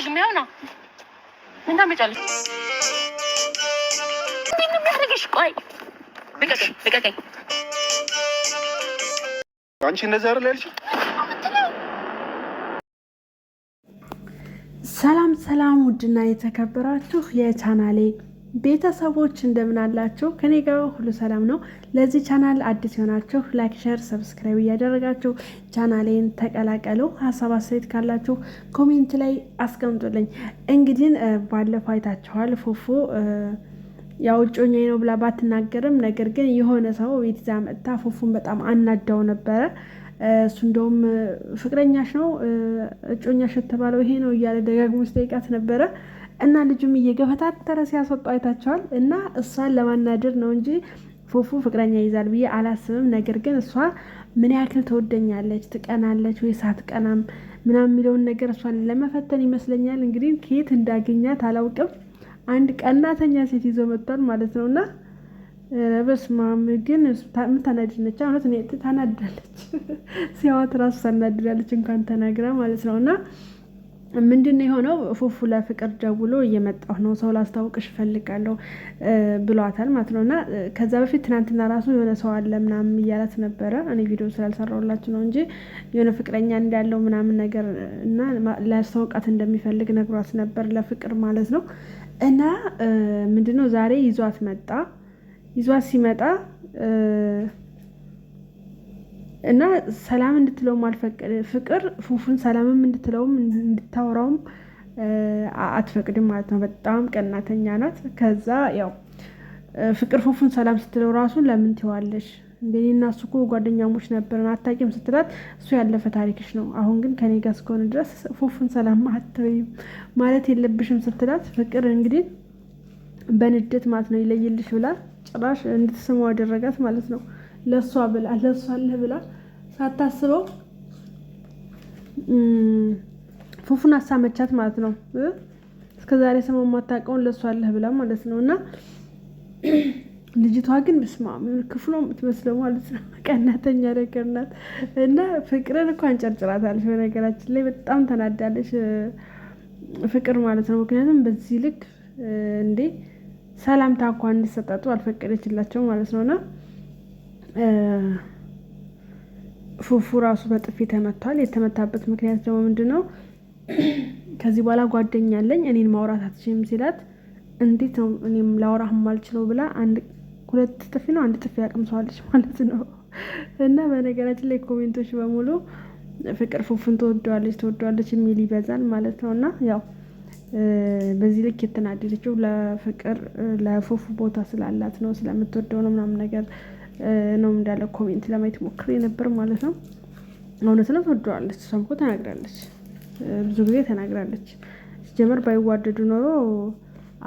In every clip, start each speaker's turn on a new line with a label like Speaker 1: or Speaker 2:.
Speaker 1: መግቢያው ነው። ምን ታመጫለሽ? እንዴት የሚያደርግሽ? ቆይ ልቀቀኝ፣
Speaker 2: አንቺ አይደል ያልሽኝ?
Speaker 3: ሰላም ሰላም፣ ውድና የተከበራችሁ የቻናሌ ቤተሰቦች እንደምን አላችሁ? ከኔ ጋር ሁሉ ሰላም ነው። ለዚህ ቻናል አዲስ የሆናችሁ ላይክ፣ ሸር፣ ሰብስክራይብ እያደረጋችሁ ቻናሌን ተቀላቀሉ። ሀሳብ አስተያየት ካላችሁ ኮሜንት ላይ አስቀምጡልኝ። እንግዲህ ባለፈው አይታችኋል ፉፉ ያው እጮኛዬ ነው ብላ ባትናገርም ነገር ግን የሆነ ሰው ቤት ይዛ መጥታ ፉፉን በጣም አናዳው ነበረ። እሱ እንደውም ፍቅረኛሽ ነው እጮኛሽ የተባለው ይሄ ነው እያለ ደጋግሞ ሲጠይቃት ነበረ። እና ልጁም እየገፈታተረ ሲያስወጣው አይታቸዋል። እና እሷን ለማናደር ነው እንጂ ፉፉ ፍቅረኛ ይዛል ብዬ አላስብም። ነገር ግን እሷ ምን ያክል ትወደኛለች፣ ትቀናለች ወይስ አትቀናም ምናምን የሚለውን ነገር እሷን ለመፈተን ይመስለኛል። እንግዲህ ከየት እንዳገኛት አላውቅም። አንድ ቀናተኛ ሴት ይዞ መጥቷል ማለት ነው። እና በስመ አብ ግን የምታናድድ ነች። እውነት እኔ ታናድዳለች። ሲያዋት ራሱ ታናድዳለች፣ እንኳን ተናግራ ማለት ነው እና ምንድን የሆነው? ፉፉ ለፍቅር ደውሎ እየመጣሁ ነው ሰው ላስታውቅሽ እፈልጋለሁ ብሏታል ማለት ነው። እና ከዛ በፊት ትናንትና ራሱ የሆነ ሰው አለ ምናምን እያላት ነበረ። እኔ ቪዲዮ ስላልሰራሁላችሁ ነው እንጂ የሆነ ፍቅረኛ እንዳለው ምናምን ነገር እና ላስታውቃት እንደሚፈልግ ነግሯት ነበር፣ ለፍቅር ማለት ነው። እና ምንድነው ዛሬ ይዟት መጣ። ይዟት ሲመጣ እና ሰላም እንድትለውም አልፈቅድ ፍቅር ፉፉን ሰላምም እንድትለውም እንድታወራውም አትፈቅድም ማለት ነው። በጣም ቀናተኛ ናት። ከዛ ያው ፍቅር ፉፉን ሰላም ስትለው ራሱን ለምን ትዋለሽ እንደኔ እና እሱ እኮ ጓደኛሞች ነበርን አታውቂም ስትላት እሱ ያለፈ ታሪክሽ ነው። አሁን ግን ከኔ ጋር እስከሆነ ድረስ ፉፉን ሰላም አትበይም ማለት የለብሽም ስትላት ፍቅር እንግዲህ በንዴት ማለት ነው ይለይልሽ ብላ ጭራሽ እንድትስመው አደረጋት ማለት ነው። ለእሷ ብላ ለእሷ ልህ ብላ ሳታስበው ፉፉን አሳመቻት ማለት ነው። እስከ ዛሬ ስመው የማታውቀውን ለእሷ ልህ ብላ ማለት ነው። እና ልጅቷ ግን በስማ ክፍሎ ነው የምትመስለው ማለት ነው። ቀናተኛ ነገር ናት። እና ፍቅርን እኮ አንጨርጭራታለች። በነገራችን ላይ በጣም ተናዳለች ፍቅር ማለት ነው። ምክንያቱም በዚህ ልክ እንዴ ሰላምታ እንኳን እንዲሰጣጡ አልፈቀደችላቸው ማለት ነውና ፉፉ ራሱ በጥፊ ተመቷል። የተመታበት ምክንያት ደግሞ ምንድን ነው? ከዚህ በኋላ ጓደኛ አለኝ እኔን ማውራት አትችም ሲላት፣ እንዴት ነው እኔም ላውራህ ማልችለው ብላ ሁለት ጥፊ ነው አንድ ጥፊ ያቅምሰዋለች ማለት ነው። እና በነገራችን ላይ ኮሜንቶች በሙሉ ፍቅር ፉፉን ትወደዋለች ትወደዋለች የሚል ይበዛል ማለት ነው እና ያው በዚህ ልክ የተናደደችው ለፍቅር ለፉፉ ቦታ ስላላት ነው፣ ስለምትወደው ነው ምናምን ነገር ነው እንዳለ ኮሜንት ለማየት ሞክር ነበር ማለት ነው። እውነት ነው፣ ትወደዋለች። እሷም እኮ ተናግራለች፣ ብዙ ጊዜ ተናግራለች። ሲጀመር ባይዋደዱ ኖሮ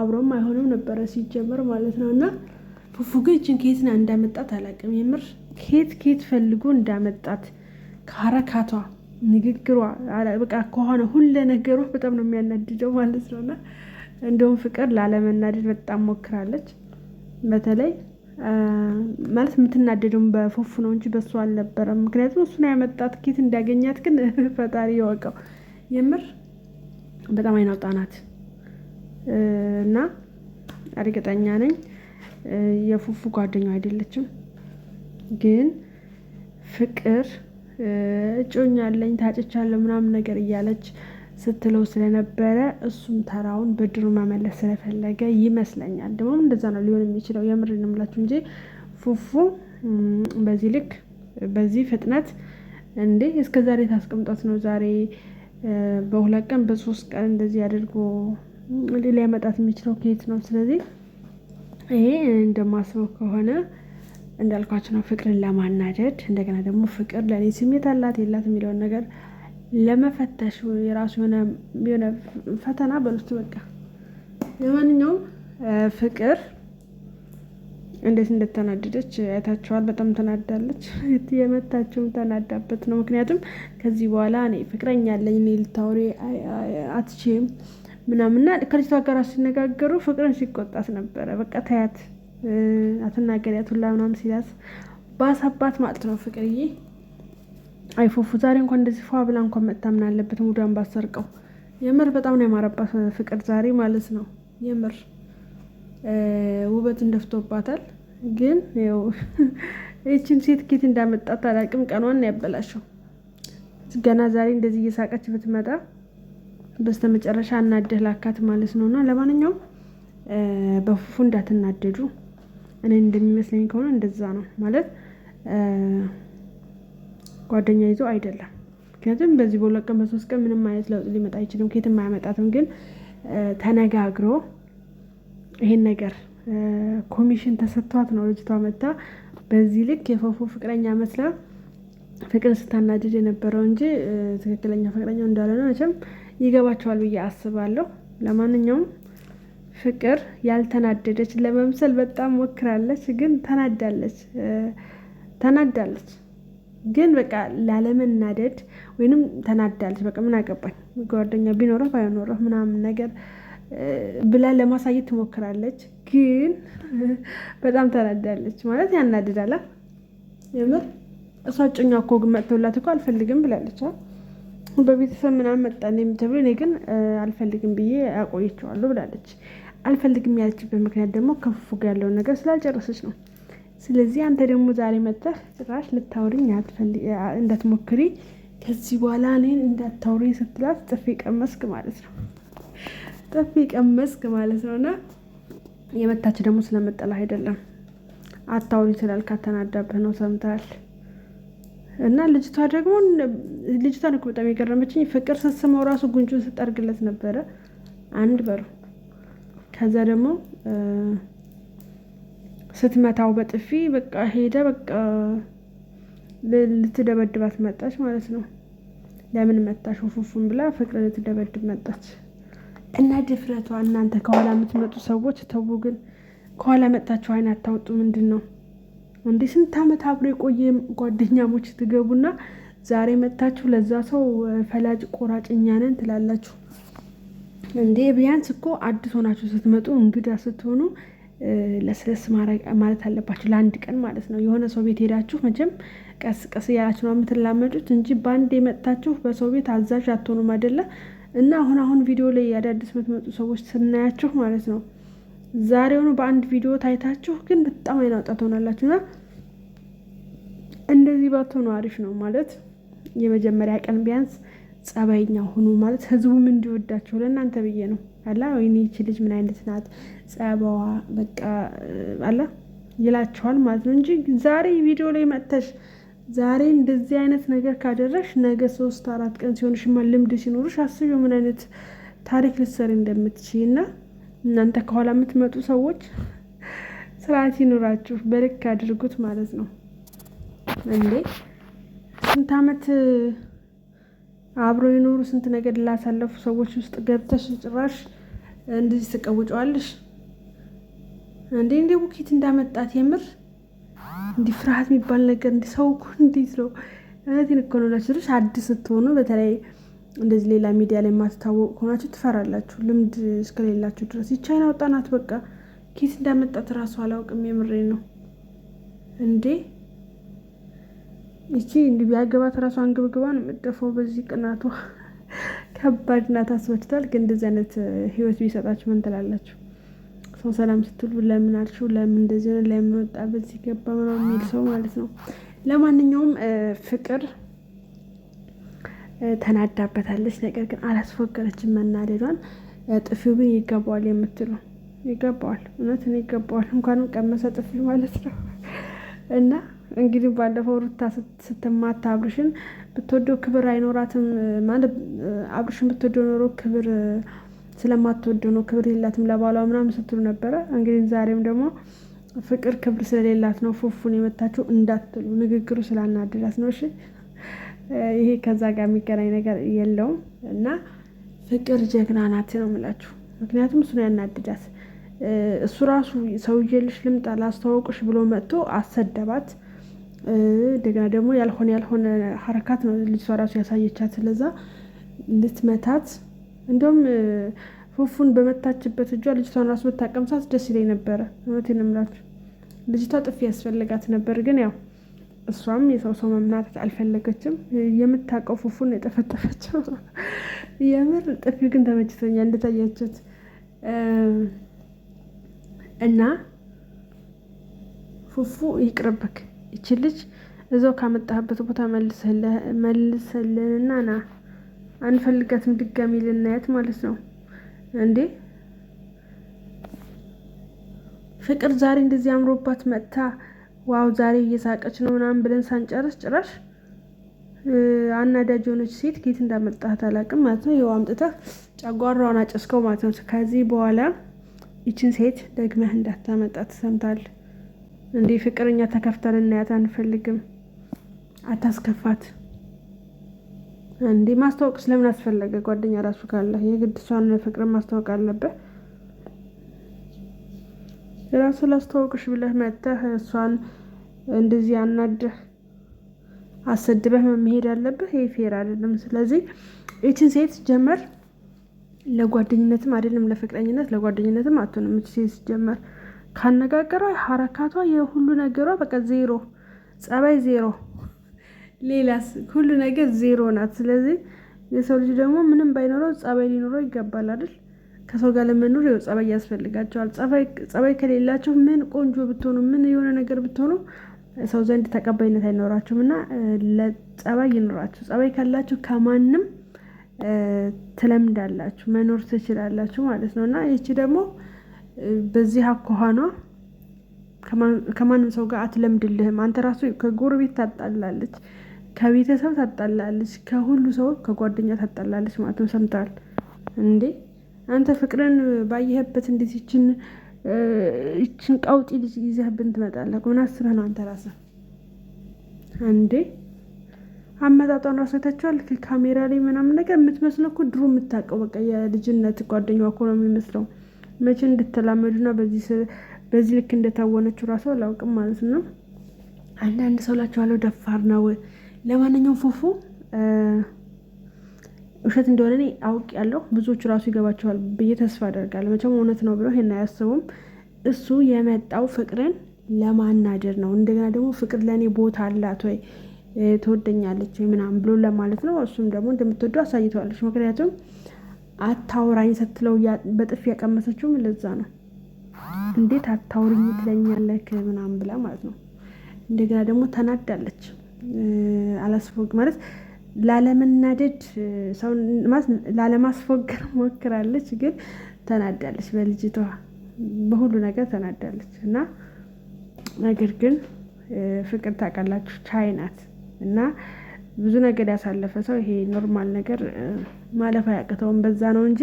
Speaker 3: አብሮም አይሆንም ነበረ ሲጀመር ማለት ነው። እና
Speaker 1: ፉፉ ግን ይችን ከየት እንዳመጣት አላውቅም፣ የምር
Speaker 3: ኬት ኬት ፈልጎ እንዳመጣት
Speaker 1: ከሀረካቷ ንግግሯ በቃ ከሆነ ሁለ ነገሯ በጣም ነው የሚያናድደው ማለት ነው። እና እንደውም ፍቅር ላለመናደድ በጣም ሞክራለች። በተለይ ማለት የምትናደደውም በፎፉ ነው እንጂ በእሱ አልነበረም። ምክንያቱም እሱን ያመጣት ኬት እንዳገኛት ግን ፈጣሪ የወቀው የምር በጣም አይናውጣ ናት እና እርግጠኛ ነኝ የፉፉ ጓደኛው አይደለችም ግን ፍቅር እጮኛ አለኝ ታጭቻለሁ ምናምን ነገር እያለች ስትለው ስለነበረ እሱም ተራውን ብድሩ መመለስ ስለፈለገ ይመስለኛል። ደግሞ እንደዛ ነው ሊሆን የሚችለው። የምር እንምላችሁ እንጂ ፉፉ በዚህ ልክ በዚህ ፍጥነት እንዴ እስከ ዛሬ ታስቀምጧት ነው ዛሬ በሁለት ቀን በሶስት ቀን እንደዚህ አድርጎ ሌላ ያመጣት የሚችለው ከየት ነው? ስለዚህ ይሄ እንደማስበው ከሆነ እንዳልኳቸው ነው ፍቅርን ለማናደድ እንደገና ደግሞ ፍቅር ለእኔ ስሜት አላት የላት የሚለውን ነገር ለመፈተሽ የራሱ የሆነ ፈተና በሉት በቃ። ለማንኛውም ፍቅር እንዴት እንደተናደደች አይታችኋል። በጣም ተናዳለች። የመታችውም ተናዳበት ነው። ምክንያቱም ከዚህ በኋላ እኔ ፍቅረኛ አለኝ እኔ ልታወሪ አትቼም ምናምና ከልጅቷ ጋር ሲነጋገሩ ፍቅርን ሲቆጣት ነበረ። በቃ ተያት አትናገሪያት ሁላ ምናምን ሲላት ባሰባት ማለት ነው ፍቅርዬ። አይፎፉ ዛሬ እንኳን እንደዚህ ፏ ብላ እንኳን መታምን አለበት ሙዳን ባሰርቀው። የምር በጣም ነው ያማረባት ፍቅር ዛሬ ማለት ነው። የምር ውበት እንደፍቶባታል። ግን ያው ይህችን ሴት ኬት እንዳመጣት አላቅም። ቀኗን ያበላሸው ገና ዛሬ እንደዚህ እየሳቀች ብትመጣ በስተ መጨረሻ እናደህ ላካት ማለት ነው። እና ለማንኛውም በፉፉ እንዳትናደዱ። እኔ እንደሚመስለኝ ከሆነ እንደዛ ነው ማለት ጓደኛ ይዞ አይደለም። ምክንያቱም በዚህ በሁለት ቀን በሶስት ቀን ምንም አይነት ለውጥ ሊመጣ አይችልም፣ ከየትም አያመጣትም። ግን ተነጋግሮ ይሄን ነገር ኮሚሽን ተሰጥቷት ነው ልጅቷ መታ በዚህ ልክ የፎፎ ፍቅረኛ መስላ ፍቅር ስታናድድ የነበረው እንጂ ትክክለኛ ፍቅረኛው እንዳለ ነው። መቼም ይገባቸዋል ብዬ አስባለሁ። ለማንኛውም ፍቅር ያልተናደደች ለመምሰል በጣም ሞክራለች፣ ግን ተናዳለች ተናዳለች ግን በቃ ላለመናደድ ወይንም ተናዳለች። በቃ ምን አገባኝ ጓደኛ ቢኖረህ ባይኖረህ ምናምን ነገር ብላ ለማሳየት ትሞክራለች፣ ግን በጣም ተናዳለች። ማለት ያናድዳላ የምር እሷ ጭኛ እኮ ግን እኮ አልፈልግም ብላለች። በቤተሰብ ምናምን መጣን የምትብሎ እኔ ግን አልፈልግም ብዬ አቆየችዋለሁ ብላለች። አልፈልግም ያለችበት ምክንያት ደግሞ ከፉፉ ጋር ያለውን ነገር ስላልጨረሰች ነው። ስለዚህ አንተ ደግሞ ዛሬ መጥተህ ጭራሽ ልታወሪኝ እንዳትሞክሪ ከዚህ በኋላ እኔን እንዳታውሪ ስትላት ጥፊ ቀመስክ ማለት ነው። ጥፊ ቀመስክ ማለት ነው። እና የመታች ደግሞ ስለመጠላ አይደለም አታውሪ ስላልካት ተናዳብህ ነው። ሰምተሃል። እና ልጅቷ ደግሞ ልጅቷን እኮ በጣም የገረመችኝ ፍቅር ስትስመው ራሱ ጉንጩን ስጠርግለት ነበረ። አንድ በሩ ከዛ ደግሞ ስትመታው በጥፊ በቃ ሄደ በቃ ልትደበድባት መጣች ማለት ነው። ለምን መጣሽ ውፉፉን ብላ ፍቅር ልትደበድብ መጣች። እና ድፍረቷ እናንተ ከኋላ የምትመጡ ሰዎች ተው፣ ግን ከኋላ መጣችሁ አይን አታውጡ። ምንድን ነው እንዴ? ስንት አመት አብሮ የቆየ ጓደኛሞች ትገቡና ዛሬ መጣችሁ ለዛ ሰው ፈላጭ ቆራጭ እኛ ነን ትላላችሁ። እንዴ ቢያንስ እኮ አዲስ ሆናችሁ ስትመጡ እንግዳ ስትሆኑ ለስለስ ማለት አለባችሁ፣ ለአንድ ቀን ማለት ነው። የሆነ ሰው ቤት ሄዳችሁ መቼም ቀስ ቀስ እያላችሁ ነው የምትላመዱት እንጂ በአንድ የመጣችሁ በሰው ቤት አዛዥ አትሆኑም አይደለ? እና አሁን አሁን ቪዲዮ ላይ አዳዲስ የምትመጡ ሰዎች ስናያችሁ ማለት ነው ዛሬውኑ በአንድ ቪዲዮ ታይታችሁ ግን በጣም አይን አውጣት ትሆናላችሁ። እና እንደዚህ ባትሆኑ አሪፍ ነው ማለት የመጀመሪያ ቀን ቢያንስ ጸባይኛ ሆኑ ማለት ህዝቡም እንዲወዳቸው ለእናንተ ብዬ ነው። አለ ወይኔ ይቺ ልጅ ምን አይነት ናት ጸባዋ በቃ አለ ይላቸዋል ማለት ነው እንጂ ዛሬ ቪዲዮ ላይ መጥተሽ ዛሬ እንደዚህ አይነት ነገር ካደረሽ ነገ ሶስት አራት ቀን ሲሆንሽማ ልምድ ሲኖርሽ አስቢው ምን አይነት ታሪክ ልትሰሪ እንደምትችይ እና እናንተ ከኋላ የምትመጡ ሰዎች ስርዓት ይኑራችሁ፣ በልክ አድርጉት ማለት ነው እንዴ ስንት አመት አብሮ የኖሩ ስንት ነገር ላሳለፉ ሰዎች ውስጥ ገብተሽ ጭራሽ እንደዚህ ትቀውጨዋለሽ እንዴ? እንዴ ውኬት እንዳመጣት የምር እንዲህ ፍርሃት የሚባል ነገር እንዲህ ሰው እኮ እንዴት ነው እውነቴን እኮ ነው እላችሁ። አዲስ ስትሆኑ በተለይ እንደዚህ ሌላ ሚዲያ ላይ የማትታወቅ ሆናችሁ ትፈራላችሁ፣ ልምድ እስከሌላችሁ ድረስ። የቻይና ወጣናት በቃ ኬት እንዳመጣት እራሱ አላውቅም። የምሬ ነው እንዴ ይቺ እንዲ ቢያገባት ራሷ አንግብግባ ነው የምጠፋው። በዚህ ቅናቱ ከባድ ናት። አስበድታል። ግን እንደዚህ አይነት ህይወት ቢሰጣችሁ ምን ትላላችሁ? ሰው ሰላም ስትሉ ለምን አልሽው፣ ለምን እንደዚህ ሆነ፣ ለምን ወጣ፣ በዚህ ገባ ምናምን የሚል ሰው ማለት ነው። ለማንኛውም ፍቅር ተናዳበታለች። ነገር ግን አላስፎገረችም መናደዷን። ጥፊው ግን ይገባዋል የምትሉ ይገባዋል፣ እውነትን ይገባዋል። እንኳንም ቀመሰ ጥፊ ማለት ነው እና እንግዲህ ባለፈው ሩታ ስትማታ አብርሽን ብትወደው ክብር አይኖራትም ማለት አብርሽን ብትወደው ኖሮ ክብር ስለማትወደው ነው ክብር የላትም ለባሏ ምናምን ስትሉ ነበረ። እንግዲህ ዛሬም ደግሞ ፍቅር ክብር ስለሌላት ነው ፉፉን የመታችው እንዳትሉ፣ ንግግሩ ስላናደዳት ነው። እሺ ይሄ ከዛ ጋር የሚገናኝ ነገር የለውም እና ፍቅር ጀግና ናት ነው የምላችሁ። ምክንያቱም እሱ ነው ያናድዳት። እሱ ራሱ ሰውዬ ልምጣ ላስተዋውቅሽ ብሎ መጥቶ አሰደባት። እንደገና ደግሞ ያልሆነ ያልሆነ ሀረካት ነው ልጅቷ ራሱ ያሳየቻት። ስለዛ ልትመታት እንዲሁም ፉፉን በመታችበት እጇ ልጅቷን ራሱ ብታቀምሳት ደስ ይለኝ ነበረ። እውነቴን እምላችሁ ልጅቷ ጥፊ ያስፈልጋት ነበር፣ ግን ያው እሷም የሰው ሰው መምናት አልፈለገችም። የምታውቀው ፉፉን የጠፈጠፈችው። የምር ጥፊ ግን ተመችቶኛል እንደታያችሁት እና ፉፉ ይቅርብክ ይቺ ልጅ እዛው ካመጣህበት ቦታ መልሰልንና ና አንፈልጋትም ድጋሚ ልናያት ማለት ነው እንዴ ፍቅር ዛሬ እንደዚህ አምሮባት መጥታ ዋው ዛሬ እየሳቀች ነው ምናምን ብለን ሳንጨርስ ጭራሽ አናዳጅ የሆነች ሴት ጌት እንዳመጣት አላውቅም ማለት ነው። ይኸው አምጥተህ ጨጓራውን አጨስከው ማለት ነው። ከዚህ በኋላ ይችን ሴት ደግመህ እንዳታመጣ ትሰምታል። እንዲህ ፍቅረኛ ተከፍታ ልናያት አንፈልግም። አታስከፋት። እንዲህ ማስታወቅ ስለምን አስፈለገ? ጓደኛ ራሱ ካለ የግድ እሷን ፍቅር ማስታወቅ አለበት። ራሱ ላስተዋውቅሽ ብለህ መጥተህ እሷን እንደዚህ አናደህ አሰድበህ መሄድ አለብህ። ይህ ፌር አይደለም። ስለዚህ ይችን ሴት ጀመር ለጓደኝነትም አይደለም ለፍቅረኝነት ለጓደኝነትም አትሆንም። ይች ሴት ጀመር ካነጋገሯ ሀረካቷ የሁሉ ነገሯ በቃ ዜሮ ጸባይ፣ ዜሮ ሌላስ ሁሉ ነገር ዜሮ ናት። ስለዚህ የሰው ልጅ ደግሞ ምንም ባይኖረው ጸባይ ሊኖረው ይገባል አይደል? ከሰው ጋር ለመኖር ይኸው ጸባይ ያስፈልጋቸዋል። ጸባይ ከሌላቸው ምን ቆንጆ ብትሆኑ ምን የሆነ ነገር ብትሆኑ ሰው ዘንድ ተቀባይነት አይኖራችሁም። እና ለጸባይ ይኖራችሁ። ጸባይ ካላችሁ ከማንም ትለምዳላችሁ፣ መኖር ትችላላችሁ ማለት ነው እና ይቺ ደግሞ በዚህ አኳኋኗ ከማንም ሰው ጋር አትለምድልህም። አንተ ራሱ ከጎረቤት ታጣላለች፣ ከቤተሰብ ታጣላለች፣ ከሁሉ ሰው ከጓደኛ ታጣላለች ማለት ነው። ሰምተዋል እንዴ? አንተ ፍቅርን ባየህበት እንዴት ይችን ይችን ቀውጢ ልጅ ይዘህብን ትመጣለህ? ምን አስበህ ነው አንተ ራስህ እንዴ? አመጣጧን ራሱ አይታችኋል። ካሜራ ላይ ምናምን ነገር የምትመስለው እኮ ድሮ የምታውቀው በቃ የልጅነት ጓደኛዋ እኮ ነው የሚመስለው። መቼ እንደተላመዱና በዚህ ልክ እንደታወነችው ራሱ አላውቅም ማለት ነው። አንዳንድ ሰው ላቸዋለሁ ደፋር ነው። ለማንኛውም ፉፉ ውሸት እንደሆነ እኔ አውቅ ያለው ብዙዎቹ ራሱ ይገባቸዋል ብዬ ተስፋ አደርጋለሁ። መቼም እውነት ነው ብለው ይሄን አያስቡም። እሱ የመጣው ፍቅርን ለማናደር ነው። እንደገና ደግሞ ፍቅር ለእኔ ቦታ አላት ወይ ትወደኛለች ምናምን ብሎ ለማለት ነው። እሱም ደግሞ እንደምትወደው አሳይተዋለች። ምክንያቱም አታውራኝ ስትለው በጥፊ ያቀመሰችውም ለዛ ነው። እንዴት አታውርኝ ትለኛለክ ምናምን ብላ ማለት ነው። እንደገና ደግሞ ተናዳለች። አላስፎግ ማለት ላለመናደድ ሰው ላለማስፎገር ሞክራለች፣ ግን ተናዳለች። በልጅቷ በሁሉ ነገር ተናዳለች እና ነገር ግን ፍቅር ታውቃላችሁ ቻይ ናት እና ብዙ ነገር ያሳለፈ ሰው ይሄ ኖርማል ነገር ማለፍ አያቅተውም። በዛ ነው እንጂ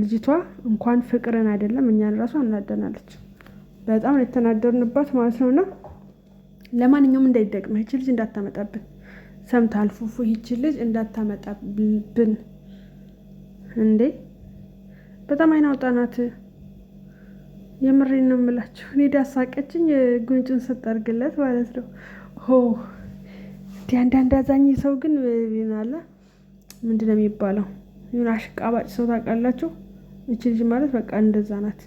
Speaker 1: ልጅቷ እንኳን ፍቅርን አይደለም እኛን ራሱ አናደናለች። በጣም የተናደርንባት ማለት ነው። እና ለማንኛውም እንዳይደቅመህ ይች ልጅ እንዳታመጣብን ሰምታል አልፉፉ ይች ልጅ እንዳታመጣብን። እንዴ በጣም አይን አውጣ ናት። የምሬን ነው የምላችሁ። እኔ ዳሳቀችኝ ጉንጭን ስጠርግለት ማለት ነው። እንዲህ አንዳንድ አዛኝ ሰው ግን ይናለ ምንድን ነው የሚባለው? ይሁን አሽቃባጭ ሰው ታውቃላችሁ። ይች ልጅ ማለት በቃ እንደዛ ናት።